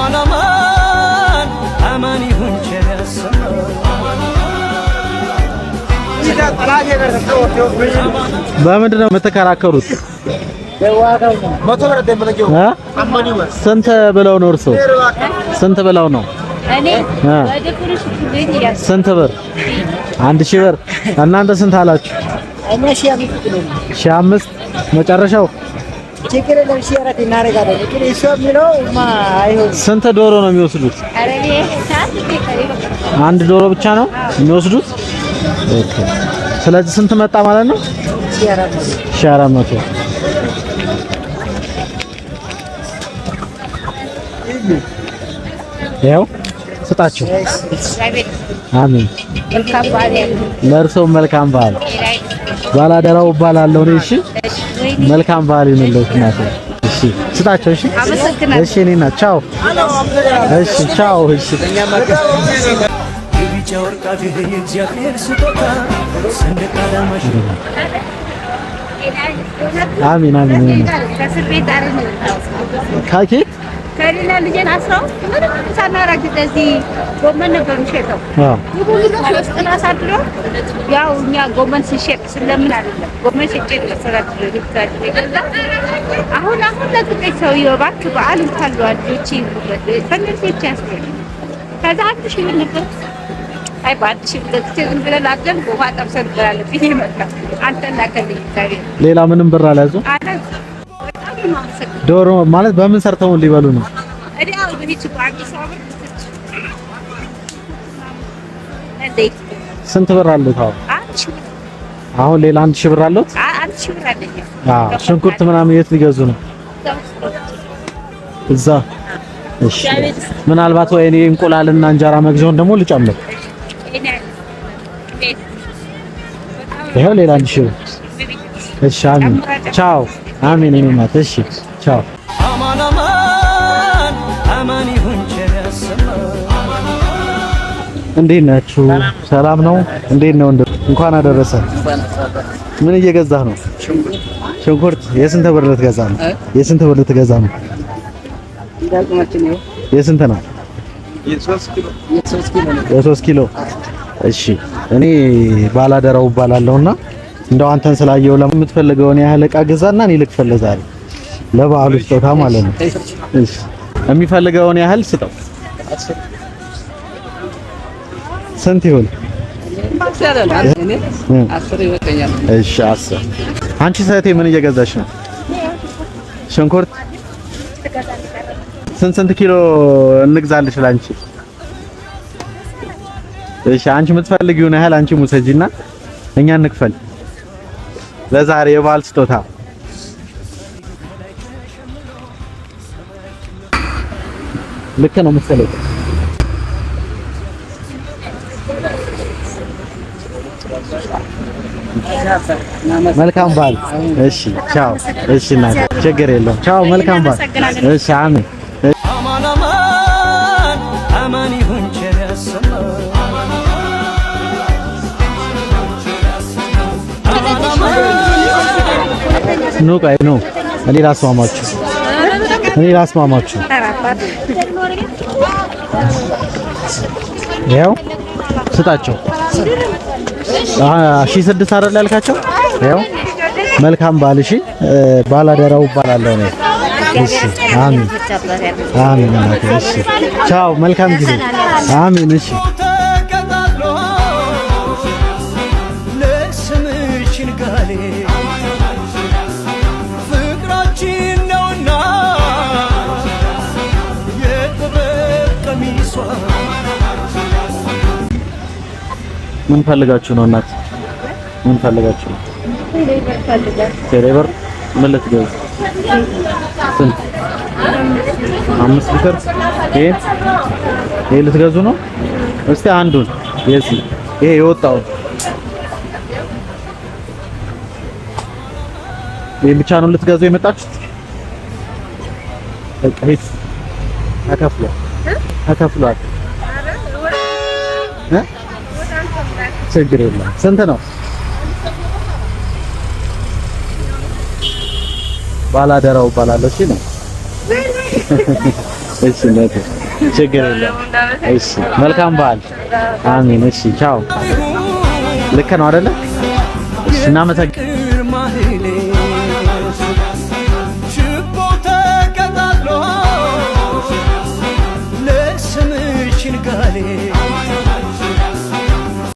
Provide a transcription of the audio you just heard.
አማን አማን አማን ይሁን በምንድን ነው የምትከራከሩት? ስንት ብለው ነው እርሶ? ስንት ብለው ነው? ስንት ብር? አንድ ሺህ ብር። እናንተ ስንት አላችሁ? ሺህ አምስት መጨረሻው ችግር የለም። እሺ እናደርጋለን። እሱ የሚለው አይሆንም። ስንት ዶሮ ነው የሚወስዱት? አንድ ዶሮ ብቻ ነው የሚወስዱት። ኦኬ። ስለዚህ ስንት መጣ ማለት ነው? ሺህ አራት መቶ ያው ስጣቸው። አሜን። ለእርሶም መልካም በዓል። ባላደራው እባላለሁ እኔ። እሺ መልካም በዓል ይሁንልህ እናቴ። እሺ ስጣቸው። እሺ እሺ፣ እኔና ቻው። እሺ ቻው። እሺ አሚን አሚን። ካኬት ከሌላ ልጄን አስራው ምንም ሳናረግ እንደዚህ ጎመን ነበር የሚሸጠው። ይሁሉ ሶስት አሳድሮ ያው እኛ ጎመን ሲሸጥ ስለምን አይደለም ጎመን ሲሸጥ ለሰራት አሁን አሁን ለጥቂት ሰውዬው እባክህ በዓል እንኳን ለዋጆች ይሁበት ፈንድስ ይቻስ ከዛ አንድ ሺህ ብር ነበር አይ በአንድ ሺህ ብር ለጥቼ ዝም ብለን አደል ውሃ ጠብሰን እንበላለን ብዬ መጣ አንተና ከልጅ ሌላ ምንም ብር አልያዙ አላ በጣም ነው ዶሮ ማለት በምን ሰርተው ሊበሉ ነው? ስንት ብር አሉት? አሁን ሌላ አንድ ሺህ ብር አሉት። ሽንኩርት ምናምን የት ሊገዙ ነው? እዛ። እሺ፣ ምናልባት ወይ እኔ እንቁላልና እንጀራ መግዣውን ደግሞ ልጨምር። ይኸው ሌላ አንድ ሺህ ብር። እሺ፣ አሚን፣ ቻው። አሚን። እኔ እናት እሺ ቻው። አማን አማን አማን ይሁን እንዴት ናችሁ? ሰላም ነው? እንዴት ነው? እንኳን አደረሰ። ምን እየገዛህ ነው? ሽንኩርት። የስንት ብር ልትገዛ ነው? የስንት ብር ልትገዛ ነው? የስንት ነው? የሶስት ኪሎ። እሺ፣ እኔ ባላደራው እባላለሁና እንደው አንተን ስላየው ለምን የምትፈልገውን ያህል እቃ ግዛና እኔ ልክፈልዛለሁ። ለበዓሉ ስጦታ ማለት ነው። እሺ የሚፈልገውን ያህል ስጠው። ስንት ይሁን? እሺ አስር። አንቺ ሰቴ ምን እየገዛሽ ነው? ሽንኩርት ስንት ስንት ኪሎ እንግዛልሽ ላንቺ? እሺ አንቺ የምትፈልጊውን ያህል አንቺ ሙሰጂና እኛ እንክፈል ለዛሬ የበዓል ስጦታ ልክ ነው መሰለኝ። መልካም በዓል። እሺ ቻው። እሺ እናቴ ችግር የለውም ቻው። መልካም በዓል። እሺ አሜን። ኑ ቀይ ኑ እኔ ላስማማችሁ እኔ ላስማማችሁ። ያው ስጣቸው። ሺ ስድስት አይደል ያልካቸው? ያው መልካም ባል። እሺ ባላደራው እባላለሁ ነው። እሺ አሜን፣ አሜን። እሺ ቻው፣ መልካም ጊዜ። አሜን። እሺ ምን ፈልጋችሁ ነው እናት? ምን ፈልጋችሁ ነው? ቴሌብር ምን ልትገዙ? ስንት? አምስት ሊትር ይሄ ይሄ ልትገዙ ነው? እስቲ አንዱን የዚህ ይሄ የወጣውን ይሄ ብቻ ነው ልትገዙ የመጣችሁት? በቃ ይሄ ተከፍሏል ተከፍሏል እ ችግር የለም። ስንት ነው? ባላደራው እባላለሁ። እሺ ነው። እሺ ነው። ችግር የለም። እሺ መልካም በዓል። አሜን። እሺ ቻው። ልክ ነው አይደለ? እሺ እናመሰግናለን።